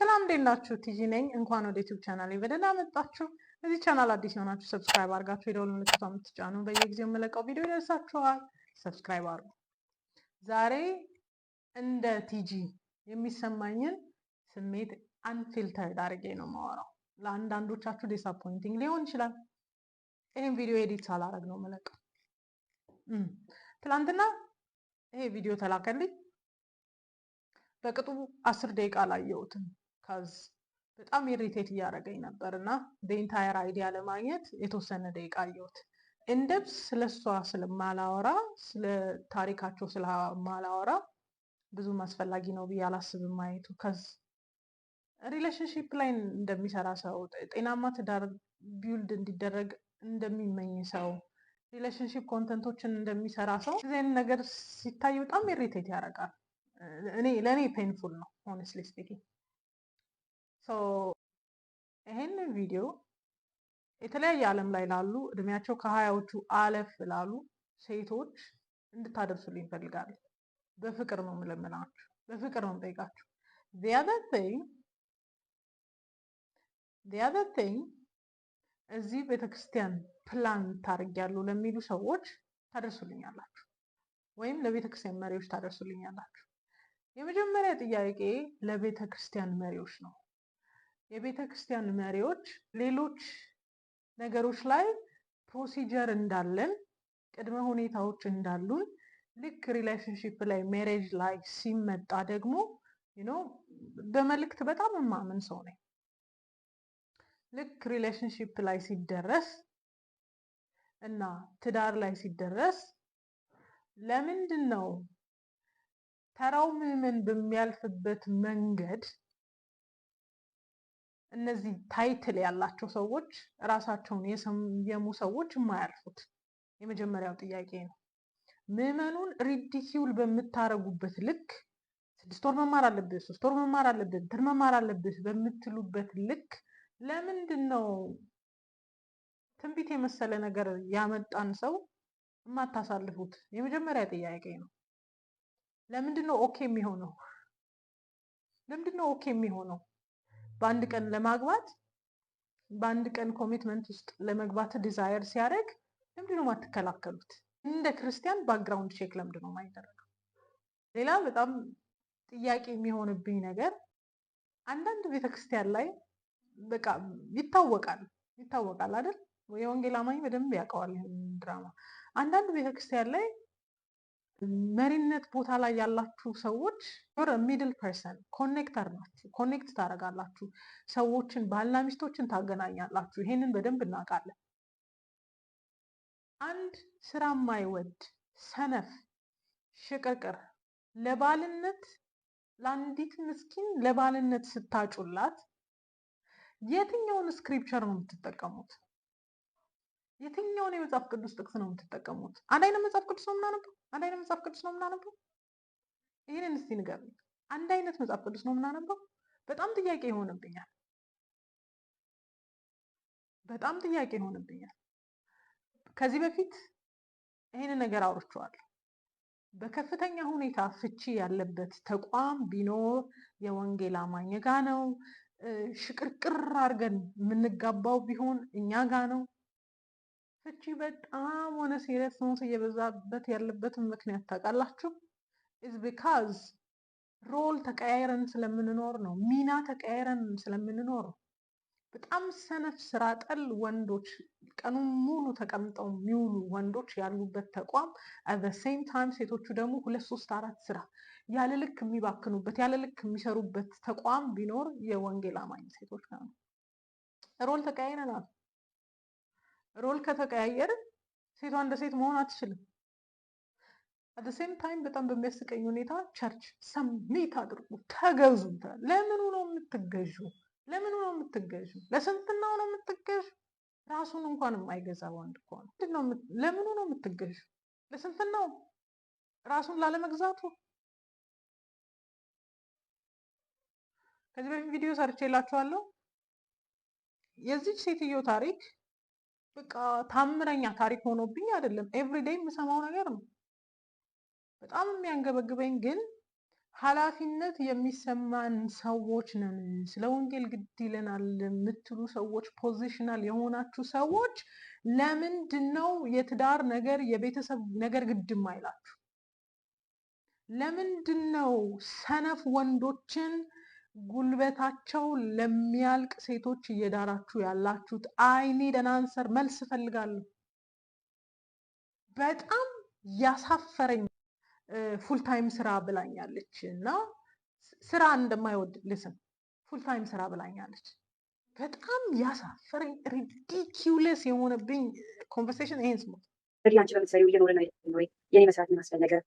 ሰላም እንዴላችሁ ቲጂ ነኝ። እንኳን ወደ ዩቲዩብ ቻናል በደህና መጣችሁ። እዚህ ቻናል አዲስ የሆናችሁ ሰብስክራይብ አድርጋችሁ የደወል ምልክቷ የምትጫኑ በየጊዜው የምለቀው ቪዲዮ ይደርሳችኋል። ሰብስክራይብ አድርጉ። ዛሬ እንደ ቲጂ የሚሰማኝን ስሜት አንፊልተርድ አድርጌ ነው የማወራው። ለአንዳንዶቻችሁ ዲስአፖይንቲንግ ሊሆን ይችላል። ይህን ቪዲዮ ኤዲት ሳላረግ ነው የምለቀው። ትላንትና ይሄ ቪዲዮ ተላከልኝ። በቅጡ አስር ደቂቃ አላየሁትም። ካዝ በጣም ኢሪቴት እያደረገኝ ነበር እና ኢንታየር አይዲያ ለማግኘት የተወሰነ ደቂቃ አየሁት። ስለ ስለሷ ስለማላወራ ስለ ታሪካቸው ስለማላወራ ብዙም አስፈላጊ ነው ብዬ አላስብም ማየቱ። ከዝ ሪሌሽንሽፕ ላይ እንደሚሰራ ሰው፣ ጤናማ ትዳር ቢውልድ እንዲደረግ እንደሚመኝ ሰው፣ ሪሌሽንሽፕ ኮንተንቶችን እንደሚሰራ ሰው ዜን ነገር ሲታይ በጣም ኢሪቴት ያደርጋል። እኔ ለእኔ ፔንፉል ነው ሆነስሊ ስፒኪንግ ይህንን ቪዲዮ የተለያየ ዓለም ላይ ላሉ እድሜያቸው ከሀያዎቹ አለፍ ላሉ ሴቶች እንድታደርሱልኝ ይፈልጋሉ። በፍቅር ነው ምለምናችሁ፣ በፍቅር ነው ጠይቃችሁ። ዚያዘ ቲንግ እዚህ ቤተክርስቲያን ፕላን ታደርጊያለሁ ለሚሉ ሰዎች ታደርሱልኛላችሁ፣ ወይም ለቤተክርስቲያን መሪዎች ታደርሱልኛላችሁ። የመጀመሪያ ጥያቄ ለቤተክርስቲያን መሪዎች ነው። የቤተ ክርስቲያን መሪዎች ሌሎች ነገሮች ላይ ፕሮሲጀር እንዳለን ቅድመ ሁኔታዎች እንዳሉን ልክ ሪሌሽንሽፕ ላይ ሜሬጅ ላይ ሲመጣ ደግሞ ዩኖ በመልእክት በጣም የማምን ሰው ነኝ። ልክ ሪሌሽንሽፕ ላይ ሲደረስ እና ትዳር ላይ ሲደረስ ለምንድን ነው ተራው ምዕመን በሚያልፍበት መንገድ እነዚህ ታይትል ያላቸው ሰዎች ራሳቸውን የሰየሙ ሰዎች የማያርፉት የመጀመሪያው ጥያቄ ነው። ምዕመኑን ሪዲኪውል በምታረጉበት ልክ ስድስት ወር መማር አለብህ፣ ሶስት ወር መማር አለብህ፣ እንትን መማር አለብህ በምትሉበት ልክ ለምንድን ነው ትንቢት የመሰለ ነገር ያመጣን ሰው የማታሳልፉት? የመጀመሪያ ጥያቄ ነው። ለምንድን ነው ኦኬ የሚሆነው? ለምንድን ነው ኦኬ የሚሆነው? በአንድ ቀን ለማግባት በአንድ ቀን ኮሚትመንት ውስጥ ለመግባት ዲዛየር ሲያደርግ ለምንድን ነው የማትከላከሉት? እንደ ክርስቲያን ባክግራውንድ ቼክ ለምንድን ነው የማይደረገው? ሌላ በጣም ጥያቄ የሚሆንብኝ ነገር አንዳንድ ቤተክርስቲያን ላይ በቃ ይታወቃል ይታወቃል አይደል? የወንጌል አማኝ በደንብ ያውቀዋል ድራማ። አንዳንድ ቤተክርስቲያን ላይ መሪነት ቦታ ላይ ያላችሁ ሰዎች ሚድል ፐርሰን ኮኔክተር ናችሁ። ኮኔክት ታደርጋላችሁ። ሰዎችን ባልና ሚስቶችን ታገናኛላችሁ። ይሄንን በደንብ እናውቃለን። አንድ ስራ የማይወድ ሰነፍ፣ ሽቅርቅር ለባልነት ለአንዲት ምስኪን ለባልነት ስታጩላት የትኛውን ስክሪፕቸር ነው የምትጠቀሙት? የትኛውን የመጽሐፍ ቅዱስ ጥቅስ ነው የምትጠቀሙት? አንድ አይነት መጽሐፍ ቅዱስ ነው የምናነበው? አንድ አይነት መጽሐፍ ቅዱስ ነው የምናነበው? ይህንን እስቲ ንገር። አንድ አይነት መጽሐፍ ቅዱስ ነው የምናነበው? በጣም ጥያቄ ይሆንብኛል። በጣም ጥያቄ ይሆንብኛል። ከዚህ በፊት ይህንን ነገር አውርቼዋለሁ። በከፍተኛ ሁኔታ ፍቺ ያለበት ተቋም ቢኖር የወንጌል አማኝ ጋ ነው። ሽቅርቅር አድርገን የምንጋባው ቢሆን እኛ ጋ ነው። ፍቺ በጣም ሆነ ሲሪየስ ነው እየበዛበት ያለበትን ምክንያት ታውቃላችሁ? ኢዝ ቢካዝ ሮል ተቀያይረን ስለምንኖር ነው። ሚና ተቀያይረን ስለምንኖር በጣም ሰነፍ ስራ ጠል ወንዶች ቀኑን ሙሉ ተቀምጠው የሚውሉ ወንዶች ያሉበት ተቋም አት ሴም ታይም ሴቶቹ ደግሞ ሁለት ሶስት አራት ስራ ያለ ልክ የሚባክኑበት ያለ ልክ የሚሰሩበት ተቋም ቢኖር የወንጌል አማኝ ሴቶች ነው። ሮል ተቀያይረናል። ሮል ከተቀያየረ ሴቷ እንደ ሴት መሆን አትችልም። አደ ሴም ታይም በጣም በሚያስቀኝ ሁኔታ ቸርች ሰሜት አድርጉ ተገዙ። ለምኑ ነው የምትገዡ? ለምኑ ነው የምትገዡ? ለስንትናው ነው የምትገዥ? ራሱን እንኳን የማይገዛ ወንድ ነው። ለምኑ ነው የምትገዡ? ለስንትናው ራሱን ላለመግዛቱ። ከዚህ በፊት ቪዲዮ ሰርቼላችኋለሁ። ላችኋለሁ የዚች ሴትዮ ታሪክ በቃ ታምረኛ ታሪክ ሆኖብኝ አይደለም፣ ኤቭሪዴይ የምሰማው ነገር ነው። በጣም የሚያንገበግበኝ ግን ኃላፊነት የሚሰማን ሰዎች ነን፣ ስለ ወንጌል ግድ ይለናል የምትሉ ሰዎች፣ ፖዚሽናል የሆናችሁ ሰዎች ለምንድን ነው የትዳር ነገር የቤተሰብ ነገር ግድም አይላችሁ? ለምንድን ነው ሰነፍ ወንዶችን ጉልበታቸው ለሚያልቅ ሴቶች እየዳራችሁ ያላችሁት አይኒ ደናንሰር መልስ እፈልጋለሁ። በጣም ያሳፈረኝ ፉልታይም ስራ ብላኛለች እና ስራ እንደማይወድ ልስም ፉልታይም ስራ ብላኛለች። በጣም ያሳፈረኝ ሪዲኪውለስ የሆነብኝ ኮንቨርሴሽን ይሄን ስሞት አንቺ በምትሰሪው እየኖረ ነው የኔ መስራት የሚመስለን ነገር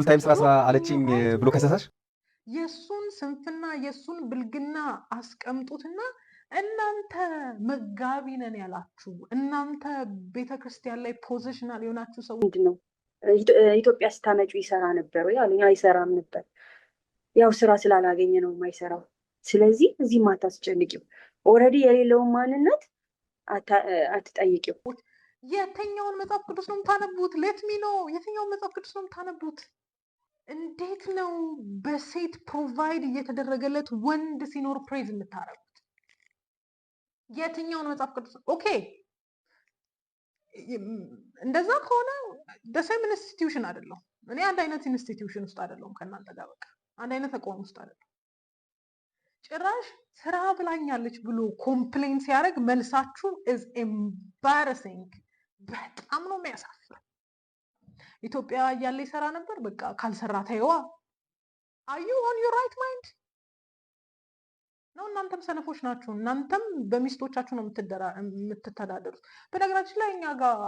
ፉልታይም ስራ አለችኝ ብሎ ከሰሳሽ የእሱን ስንፍና የእሱን ብልግና አስቀምጡትና እናንተ መጋቢ ነን ያላችሁ እናንተ ቤተ ክርስቲያን ላይ ፖዚሽናል የሆናችሁ ሰው ምንድን ነው ኢትዮጵያ ስታመጩ ይሰራ ነበር ወይ አሉ። አይሰራም ነበር፣ ያው ስራ ስላላገኘ ነው የማይሰራው። ስለዚህ እዚህ አታስጨንቂው፣ ኦልሬዲ የሌለውን ማንነት አትጠይቂው። የትኛውን መጽሐፍ ቅዱስ ነው የምታነቡት? ሌትሚ ነው። የትኛውን መጽሐፍ ቅዱስ ነው የምታነቡት? እንዴት ነው በሴት ፕሮቫይድ እየተደረገለት ወንድ ሲኖር ፕሬዝ የምታደርጉት? የትኛውን መጽሐፍ ቅዱስ? ኦኬ እንደዛ ከሆነ ደሴም ኢንስቲትዩሽን አይደለሁ እኔ አንድ አይነት ኢንስቲትዩሽን ውስጥ አይደለሁም ከእናንተ ጋር በቃ አንድ አይነት ተቋም ውስጥ አይደለሁም። ጭራሽ ስራ ብላኛለች ብሎ ኮምፕሌን ሲያደርግ መልሳችሁ ኢዝ ኤምባረሲንግ በጣም ነው የሚያሳፍ ኢትዮጵያ እያለ ይሰራ ነበር። በቃ ካልሰራ ተይዋ። አዩ ኦን ዩር ራይት ማይንድ ነው። እናንተም ሰነፎች ናችሁ። እናንተም በሚስቶቻችሁ ነው የምትተዳደሩት። በነገራችን ላይ እኛ ጋር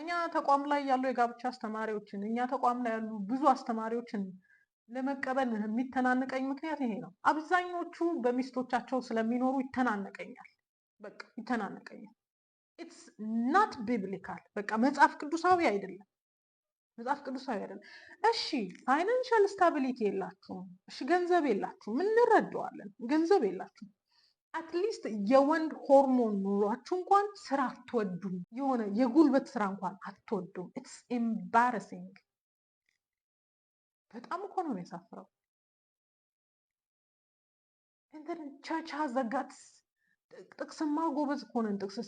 እኛ ተቋም ላይ ያሉ የጋብቻ አስተማሪዎችን እኛ ተቋም ላይ ያሉ ብዙ አስተማሪዎችን ለመቀበል የሚተናነቀኝ ምክንያት ይሄ ነው። አብዛኞቹ በሚስቶቻቸው ስለሚኖሩ ይተናነቀኛል። በቃ ይተናነቀኛል። ኢትስ ናት ቢብሊካል በቃ መጽሐፍ ቅዱሳዊ አይደለም። መጽሐፍ ቅዱሳዊ አይደለም። እሺ ፋይናንሻል ስታቢሊቲ የላችሁም። እሺ ገንዘብ የላችሁም፣ እንረዳዋለን። ገንዘብ የላችሁም። አትሊስት የወንድ ሆርሞን ኑሯችሁ እንኳን ስራ አትወዱም። የሆነ የጉልበት ስራ እንኳን አትወዱም። ኢትስ ኤምባረሲንግ በጣም እኮ ነው የሚያሳፍረው። ቸርች ሀዘጋትስ ጥቅስማ ጎበዝ እኮ ጥቅስ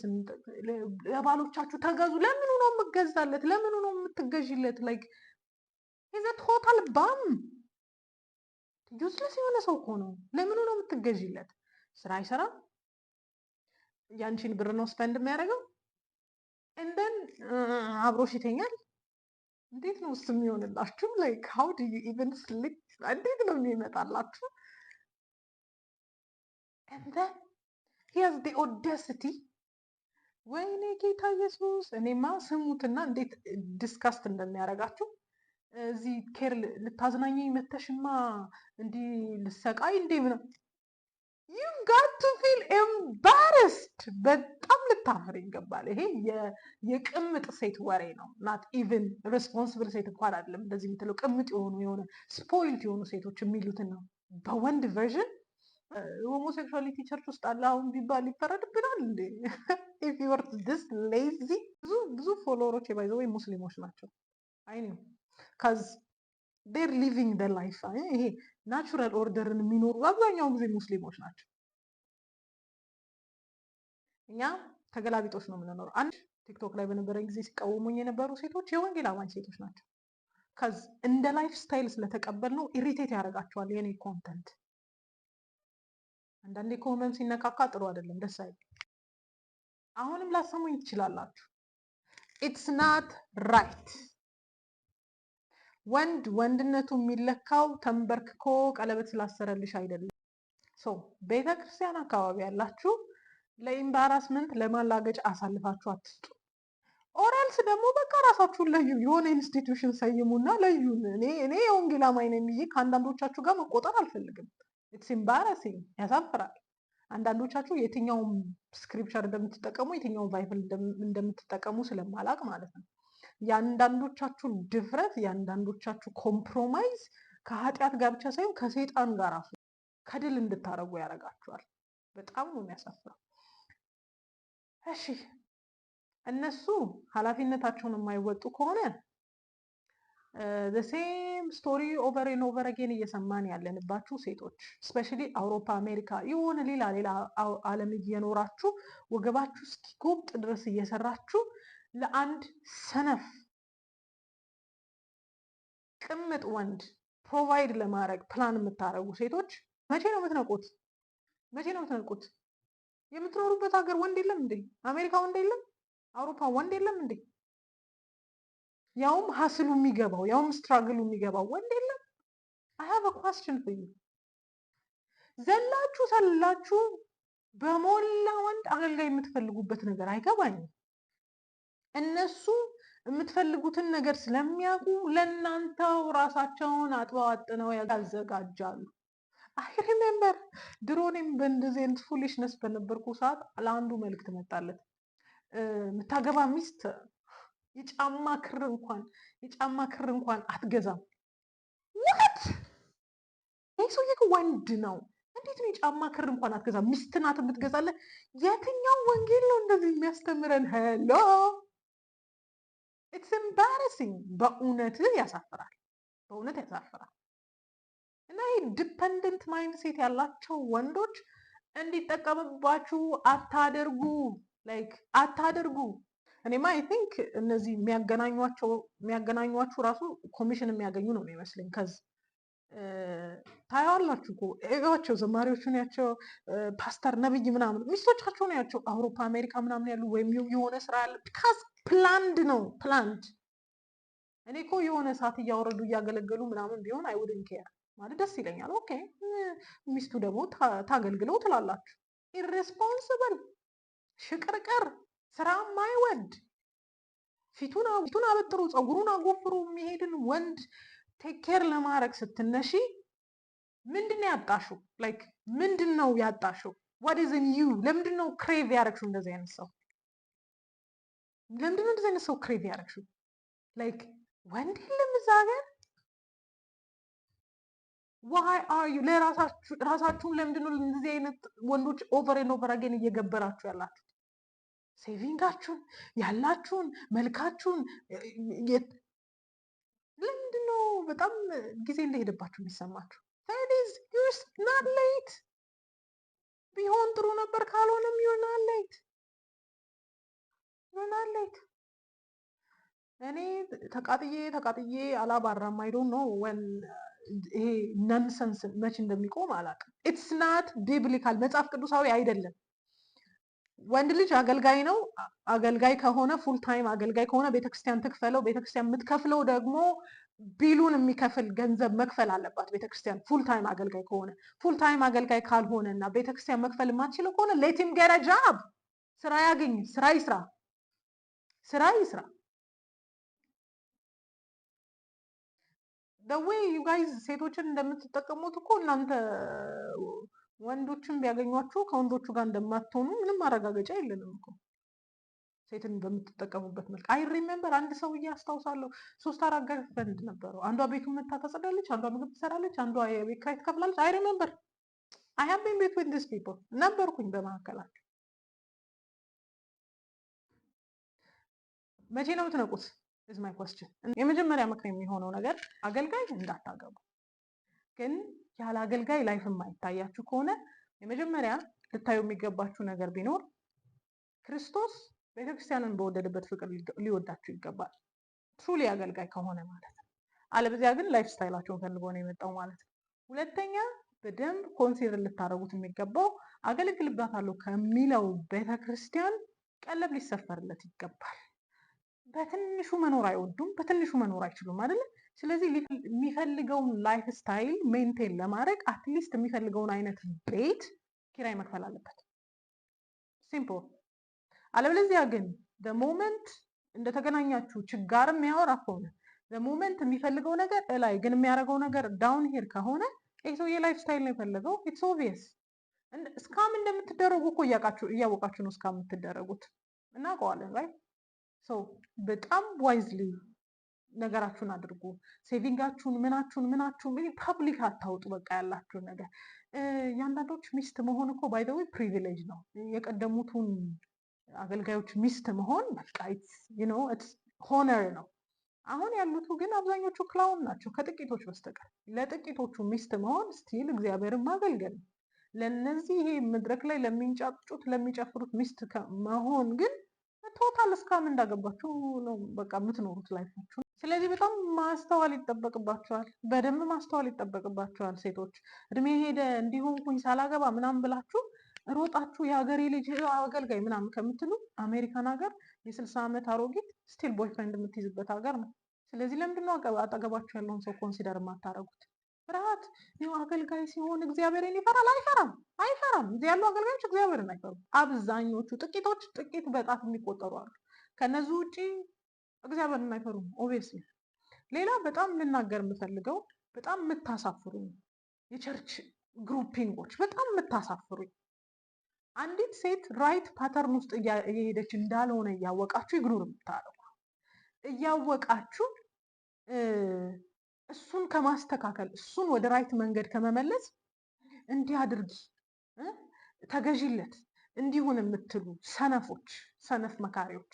ለባሎቻችሁ ተገዙ። ለምኑ ነው የምገዛለት? ለምኑ ነው የምትገዥለት? ላይክ ይዘ ቶታል ባም ዩዝለስ የሆነ ሰው እኮ ነው። ለምኑ ነው የምትገዥለት? ስራ አይሰራም። ያንቺን ብር ነው ስፐንድ የሚያደርገው። እንደን uh, አብሮሽ ይተኛል። እንዴት ነው እሱ የሚሆንላችሁ? ላይክ ሀው ዱ ዩ ኢቨን እንዴት ነው የሚመጣላችሁ? ሂያዝ ዲ ኦዳሲቲ ወይኔ ጌታ ኢየሱስ። እኔማ ስሙትና እንዴት ዲስካስት እንደሚያደርጋችሁ እዚህ ኬር ልታዝናኘኝ መተሽማ እንዲህ ልሰቃይ እንዴ ምነው ዩ ጋት ቱ ፊል ኤምባረስድ። በጣም ልታፍር ይገባል። ይሄ የቅምጥ ሴት ወሬ ነው። ናት ኢቨን ሬስፖንስብል ሴት እንኳን አይደለም እንደዚህ የምትለው ቅምጥ የሆኑ የሆነ ስፖይልት የሆኑ ሴቶች የሚሉትን ነው በወንድ ቨርዥን ሆሞሴክሹዋሊቲ ቸርች ውስጥ አለ አሁን ቢባል ይፈረድብናል እንዴ? ኢፍ ዲስ ሌዚ ብዙ ብዙ ፎሎወሮች የባይዘ ወይ ሙስሊሞች ናቸው። አይ ኒው ካዝ ዴር ሊቪንግ ደ ላይፍ ይሄ ናቹራል ኦርደርን የሚኖሩ አብዛኛውን ጊዜ ሙስሊሞች ናቸው። እኛ ተገላቢጦች ነው የምንኖረው። አንድ ቲክቶክ ላይ በነበረኝ ጊዜ ሲቃወሙኝ የነበሩ ሴቶች የወንጌል አማኝ ሴቶች ናቸው። ከዚ እንደ ላይፍ ስታይል ስለተቀበል ነው ኢሪቴት ያደርጋቸዋል የኔ ኮንተንት አንዳንዴ ከህመም ሲነካካ ጥሩ አይደለም፣ ደስ አይል። አሁንም ላሰሙኝ ትችላላችሁ። ኢትስ ናት ራይት። ወንድ ወንድነቱ የሚለካው ተንበርክኮ ቀለበት ስላሰረልሽ አይደለም። ሶ ቤተ ክርስቲያን አካባቢ ያላችሁ ለኢምባራስመንት ለማላገጫ አሳልፋችሁ አትስጡ። ኦራልስ ደግሞ በቃ ራሳችሁን ለዩ። የሆነ ኢንስቲትዩሽን ሰይሙና ለዩን። እኔ እኔ የወንጌላ ማይነ የሚይ ከአንዳንዶቻችሁ ጋር መቆጠር አልፈልግም። ኢትስ ኢምባራሲንግ ያሳፍራል። አንዳንዶቻችሁ የትኛውም ስክሪፕቸር እንደምትጠቀሙ የትኛውን ቫይብል እንደምትጠቀሙ ስለማላቅ ማለት ነው። የአንዳንዶቻችሁ ድፍረት፣ የአንዳንዶቻችሁ ኮምፕሮማይዝ ከኃጢአት ጋር ብቻ ሳይሆን ከሰይጣን ጋር ራሱ ከድል እንድታደርጉ ያደርጋችኋል። በጣም ነው የሚያሳፍረው። እሺ እነሱ ኃላፊነታቸውን የማይወጡ ከሆነ ሴም ስቶሪ ኦቨር ኤን ኦቨር አጌን እየሰማን ያለንባችሁ ሴቶች ስፔሻሊ አውሮፓ፣ አሜሪካ የሆነ ሌላ ሌላ ዓለም እየኖራችሁ ወገባችሁ እስኪጎብጥ ድረስ እየሰራችሁ ለአንድ ሰነፍ ቅምጥ ወንድ ፕሮቫይድ ለማድረግ ፕላን የምታደርጉ ሴቶች መቼ ነው የምትነቁት? መቼ ነው የምትነቁት? የምትኖሩበት ሀገር ወንድ የለም እንዴ? አሜሪካ ወንድ የለም? አውሮፓ ወንድ የለም እንዴ? ያውም ሀስሉ የሚገባው ያውም ስትራግሉ የሚገባው ወንድ የለም። አሀበ ኳስችን ፍዩ ዘላችሁ ሰላችሁ በሞላ ወንድ አገልጋይ የምትፈልጉበት ነገር አይገባኝም። እነሱ የምትፈልጉትን ነገር ስለሚያውቁ ለእናንተው ራሳቸውን አጥበው አጥነው ያዘጋጃሉ። አይ ሪሜምበር ድሮ እኔም በእንደዚህ አይነት ፉሊሽነስ በነበርኩ ሰዓት ለአንዱ መልእክት መጣለት የምታገባ ሚስት የጫማ ክር እንኳን የጫማ ክር እንኳን አትገዛም። ወት ይህ ሰውዬ ወንድ ነው። እንዴት ነው የጫማ ክር እንኳን አትገዛም? ሚስት ናት የትኛው ወንጌል ነው እንደዚህ የሚያስተምረን? ሄሎ ኢትስ ኤምባረሲንግ። በእውነት ያሳፍራል፣ በእውነት ያሳፍራል። እና ይህ ዲፐንደንት ማይንድሴት ያላቸው ወንዶች እንዲጠቀምባችሁ አታደርጉ፣ ላይክ አታደርጉ። እኔማ አይ ቲንክ እነዚህ የሚያገናኟቸው የሚያገናኟችሁ ራሱ ኮሚሽን የሚያገኙ ነው የሚመስለኝ። ከዚ ታየዋላችሁ እኮ ቸው ዘማሪዎቹ ያቸው ፓስተር ነብይ ምናምን ሚስቶቻቸው ነው ያቸው አውሮፓ አሜሪካ ምናምን ያሉ ወይም የሆነ ስራ ያለ ቢካዝ ፕላንድ ነው ፕላንድ። እኔ እኮ የሆነ ሰዓት እያወረዱ እያገለገሉ ምናምን ቢሆን አይውድን ኬር ማለት ደስ ይለኛል። ኦኬ ሚስቱ ደግሞ ታገልግለው ትላላችሁ። ኢሬስፖንስብል ሽቅርቅር ስራ ማይወድ ፊቱን አበጥሩ ፀጉሩን አጎፍሩ የሚሄድን ወንድ ቴኬር ለማድረግ ስትነሺ ምንድን ነው ያጣሹ? ላይክ ምንድን ነው ያጣሹ? ዋዴዝን ዩ ለምንድን ነው ክሬቭ ያደረግሹ? እንደዚህ አይነት ሰው ለምንድን ነው እንደዚህ አይነት ሰው ክሬቭ ያደረግሹ? ላይክ ወንድ የለም እዛ ሀገር ዋይ አር ዩ ለራሳችሁን ለምንድን ነው እንደዚህ አይነት ወንዶች ኦቨር ኤን ኦቨር አገን እየገበራችሁ ያላችሁ? ሴቪንጋችሁን፣ ያላችሁን፣ መልካችሁን ለምንድን ነው በጣም ጊዜ እንደሄደባችሁ የሚሰማችሁ? ዩስ ናት ሌት ቢሆን ጥሩ ነበር፣ ካልሆነም ናት ሌት ናት ሌት እኔ ተቃጥዬ ተቃጥዬ አላባራም። አይ ዶንት ኖ ወን ይሄ ነንሰንስ መች እንደሚቆም አላውቅም። ኢትስ ናት ቢብሊካል መጽሐፍ ቅዱሳዊ አይደለም። ወንድ ልጅ አገልጋይ ነው። አገልጋይ ከሆነ ፉል ታይም አገልጋይ ከሆነ ቤተክርስቲያን ትክፈለው። ቤተክርስቲያን የምትከፍለው ደግሞ ቢሉን የሚከፍል ገንዘብ መክፈል አለባት ቤተክርስቲያን ፉል ታይም አገልጋይ ከሆነ። ፉል ታይም አገልጋይ ካልሆነ እና ቤተክርስቲያን መክፈል የማትችለው ከሆነ ሌቲም ጌረ ጃብ ስራ ያገኝ፣ ስራ ይስራ፣ ስራ ይስራ። ደዌ ዩ ጋይዝ ሴቶችን እንደምትጠቀሙት እኮ እናንተ ወንዶችን ቢያገኟችሁ ከወንዶቹ ጋር እንደማትሆኑ ምንም ማረጋገጫ የለንም እኮ ሴትን በምትጠቀሙበት መልክ። አይ ሪሜምበር አንድ ሰውዬ አስታውሳለሁ፣ ሶስት አራት ጋር ፈንድ ነበረው። አንዷ ቤቱን መታ ታጸዳለች፣ አንዷ ምግብ ትሰራለች፣ አንዷ የቤት ኪራይ ትከፍላለች። አይ ሪሜምበር አይ ሀብ ቤን ቢትዊን ዲስ ፒፕል ነበርኩኝ በመካከላቸው። መቼ ነው የምትነቁት? ኢዝ ማይ ኮስችን። የመጀመሪያ ምክር የሚሆነው ነገር አገልጋይ እንዳታገቡ ግን ያለ አገልጋይ ላይፍ የማይታያችሁ ከሆነ የመጀመሪያ ልታዩ የሚገባችሁ ነገር ቢኖር ክርስቶስ ቤተክርስቲያንን በወደደበት ፍቅር ሊወዳችሁ ይገባል። ትሩሊ አገልጋይ ከሆነ ማለት ነው። አለበዚያ ግን ላይፍ ስታይላቸውን ፈልጎ ነው የመጣው ማለት ነው። ሁለተኛ በደንብ ኮንሲደር ልታደረጉት የሚገባው አገለግልባታለሁ ከሚለው ቤተክርስቲያን ቀለብ ሊሰፈርለት ይገባል። በትንሹ መኖር አይወዱም፣ በትንሹ መኖር አይችሉም አይደለም። ስለዚህ የሚፈልገውን ላይፍ ስታይል ሜንቴን ለማድረግ አትሊስት የሚፈልገውን አይነት ቤት ኪራይ መክፈል አለበት። ሲምፕል። አለበለዚያ ግን ሞመንት እንደተገናኛችሁ ችጋር የሚያወራ ከሆነ ሞመንት የሚፈልገው ነገር እላይ ግን የሚያደርገው ነገር ዳውን ሄር ከሆነ ሰውዬ ላይፍ ስታይል ነው የፈለገው። ኢትስ ኦቪየስ። እስካም እንደምትደረጉ እኮ እያወቃችሁ ነው እስካም የምትደረጉት። እናውቀዋለን። ራይት። በጣም ዋይዝሊ ነገራችሁን አድርጉ። ሴቪንጋችሁን፣ ምናችሁን፣ ምናችሁን ፐብሊክ አታውጡ። በቃ ያላችሁን ነገር የአንዳንዶች ሚስት መሆን እኮ ባይዘዊ ፕሪቪሌጅ ነው። የቀደሙቱን አገልጋዮች ሚስት መሆን በቃ ሆነር ነው። አሁን ያሉቱ ግን አብዛኞቹ ክላውን ናቸው፣ ከጥቂቶች በስተቀር ለጥቂቶቹ ሚስት መሆን ስቲል እግዚአብሔርን ማገልገል ነው። ለነዚህ ይሄ መድረክ ላይ ለሚንጫጩት ለሚጨፍሩት ሚስት መሆን ግን ቶታል እስካም እንዳገባችሁ ነው በቃ የምትኖሩት ላይፋችሁ ስለዚህ በጣም ማስተዋል ይጠበቅባቸዋል። በደንብ ማስተዋል ይጠበቅባቸዋል። ሴቶች እድሜ ሄደ እንዲሁም ኩኝ ሳላገባ ምናምን ብላችሁ ሮጣችሁ የሀገሬ ልጅ አገልጋይ ምናምን ከምትሉ አሜሪካን ሀገር የስልሳ ዓመት አሮጊት ስቲል ቦይፍሬንድ የምትይዝበት ሀገር ነው። ስለዚህ ለምንድነው አጠገባችሁ ያለውን ሰው ኮንሲደር የማታደርጉት? ፍርሃት ይኸው አገልጋይ ሲሆን እግዚአብሔርን ይፈራል። አይፈራም፣ አይፈራም። እዚህ ያሉ አገልጋዮች እግዚአብሔርን አይፈሩም። አብዛኞቹ ጥቂቶች፣ ጥቂት በጣት የሚቆጠሩ አሉ። ከነዚህ ውጪ እግዚአብሔር አይፈሩም። ኦብቪየስሊ ሌላ በጣም ልናገር የምፈልገው በጣም የምታሳፍሩኝ የቸርች ግሩፒንጎች በጣም የምታሳፍሩኝ አንዲት ሴት ራይት ፓተርን ውስጥ እየሄደች እንዳልሆነ እያወቃችሁ ይግሩር የምታደርጉ እያወቃችሁ እሱን ከማስተካከል እሱን ወደ ራይት መንገድ ከመመለስ እንዲህ አድርጊ ተገዢለት እንዲሁን የምትሉ ሰነፎች፣ ሰነፍ መካሪዎች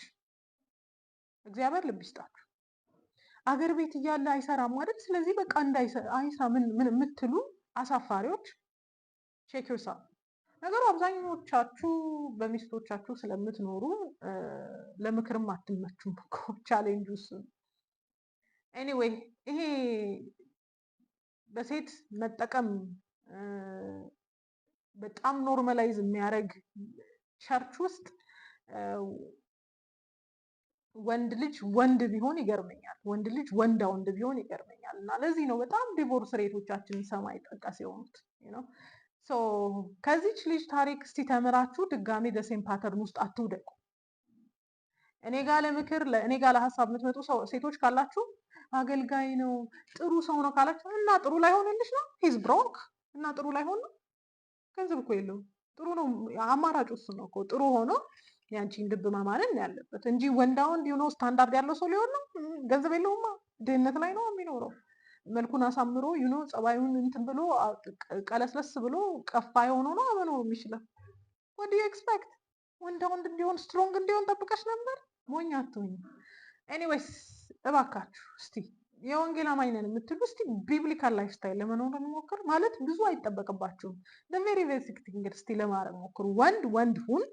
እግዚአብሔር ልብ ይስጣችሁ። አገር ቤት እያለ አይሰራም አይደል? ስለዚህ በቃ እንዳይሰራ ምን የምትሉ አሳፋሪዎች ቼክ ነገሩ አብዛኞቻችሁ በሚስቶቻችሁ ስለምትኖሩ ለምክርም አትመቹም። ቻሌንጅ ውስ ኤኒዌይ ይሄ በሴት መጠቀም በጣም ኖርማላይዝ የሚያደርግ ቸርች ውስጥ ወንድ ልጅ ወንድ ቢሆን ይገርመኛል። ወንድ ልጅ ወንዳ ወንድ ቢሆን ይገርመኛል። እና ለዚህ ነው በጣም ዲቮርስ ሬቶቻችን ሰማይ ጠቀስ የሆኑት። ከዚች ልጅ ታሪክ እስቲ ተምራችሁ ድጋሜ ደሴም ፓተርን ውስጥ አትውደቁ። እኔ ጋ ለምክር እኔ ጋ ለሀሳብ የምትመጡ ሴቶች ካላችሁ አገልጋይ ነው ጥሩ ሰው ነው ካላችሁ እና ጥሩ ላይሆንልሽ ነው ሂዝ ብሮክ እና ጥሩ ላይሆን ነው ገንዘብ እኮ የለውም ጥሩ ነው አማራጭ እሱ ነው እኮ ጥሩ ሆኖ የአንቺን ልብ ማማረን ያለበት እንጂ ወንዳውን ወንድ ስታንዳርድ ያለው ሰው ሊሆን ነው። ገንዘብ የለውማ ድህነት ላይ ነው የሚኖረው። መልኩን አሳምሮ ዩኖ ጸባዩን እንትን ብሎ ቀለስለስ ብሎ ቀፋ የሆነ ነው መኖር የሚችለው። ወዲ ኤክስፐክት ወንዳ ወንድ እንዲሆን ስትሮንግ እንዲሆን ጠብቀሽ ነበር። ሞኝ አትሆኝ። ኤኒዌይስ እባካችሁ እስቲ የወንጌል አማኝ ነን የምትሉ እስቲ ቢብሊካል ላይፍ ስታይል ለመኖር ሞክር። ማለት ብዙ አይጠበቅባችሁም። ለቬሪ ቤዚክ ቲንግ እስቲ ለማድረግ ሞክሩ። ወንድ ወንድ ሁን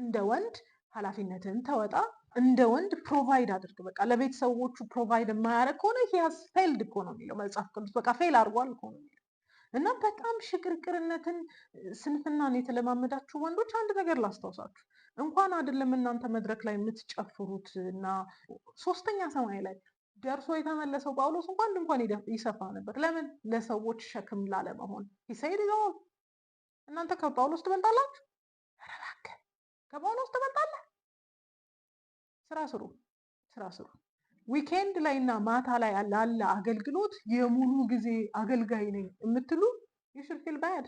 እንደ ወንድ ኃላፊነትን ተወጣ፣ እንደ ወንድ ፕሮቫይድ አድርግ። በቃ ለቤተሰቦቹ ፕሮቫይድ የማያደርግ ከሆነ ሂያዝ ፌልድ እኮ ነው የሚለው መጽሐፍ ቅዱስ። በቃ ፌል አድርጓል እኮ ነው የሚለው እና በጣም ሽቅርቅርነትን፣ ስንፍናን የተለማመዳችሁ ወንዶች አንድ ነገር ላስታውሳችሁ። እንኳን አይደለም እናንተ መድረክ ላይ የምትጨፍሩት እና ሶስተኛ ሰማይ ላይ ደርሶ የተመለሰው ጳውሎስ እንኳን ድንኳን ይሰፋ ነበር። ለምን? ለሰዎች ሸክም ላለመሆን። ሂሳይድ ይዘዋል። እናንተ ከጳውሎስ ትበልጣላችሁ? ከበሆነ ውስጥ ትመጣለህ። ስራ ስሩ፣ ስራ ስሩ። ዊኬንድ ላይ እና ማታ ላይ ላለ አገልግሎት የሙሉ ጊዜ አገልጋይ ነኝ የምትሉ የሽርፊል ባያድ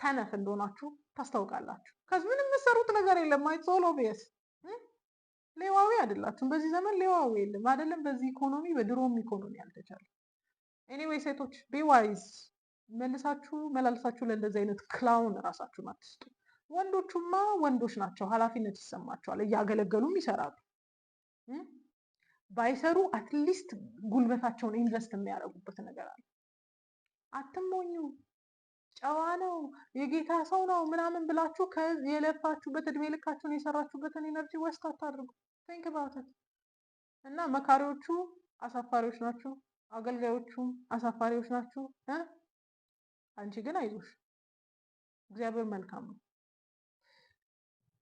ሰነፍ እንደሆናችሁ ታስታውቃላችሁ። ከዚ ምንም የምትሰሩት ነገር የለም። ሶሎ ቤስ ሌዋዊ አይደላችሁም። በዚህ ዘመን ሌዋዊ የለም አይደለም። በዚህ ኢኮኖሚ በድሮም ኢኮኖሚ አልተቻለ። ኤኒዌይ ሴቶች ቢዋይዝ መልሳችሁ መላልሳችሁ ለእንደዚህ አይነት ክላውን እራሳችሁን አትስጡ። ወንዶቹማ ወንዶች ናቸው፣ ኃላፊነት ይሰማቸዋል፣ እያገለገሉም ይሰራሉ። ባይሰሩ አትሊስት ጉልበታቸውን ኢንቨስት የሚያደርጉበት ነገር አለ። አትሞኙ። ጨዋ ነው የጌታ ሰው ነው ምናምን ብላችሁ የለፋችሁበት እድሜ ልካችሁን የሰራችሁበትን ኤነርጂ ወስት አታድርጉ። ቲንክ አባውት ኢት እና መካሪዎቹ አሳፋሪዎች ናቸው አገልጋዮቹም አሳፋሪዎች ናቸው አንቺ ግን አይዞሽ፣ እግዚአብሔር መልካም ነው።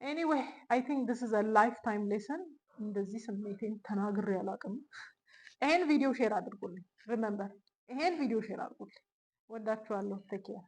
ኤኒዌይ አይ ቲንክ ዲስ ኢዝ አ ላይፍ ታይም ሌሰን። እንደዚህ ስሜቴን ተናግሬ አላውቅም። ይሄን ቪዲዮ ሼር አድርጉልኝ። ሪመምበር ይሄን ቪዲዮ ሼር አድርጉልኝ። ወዳችኋለሁ። ቴክ ኬር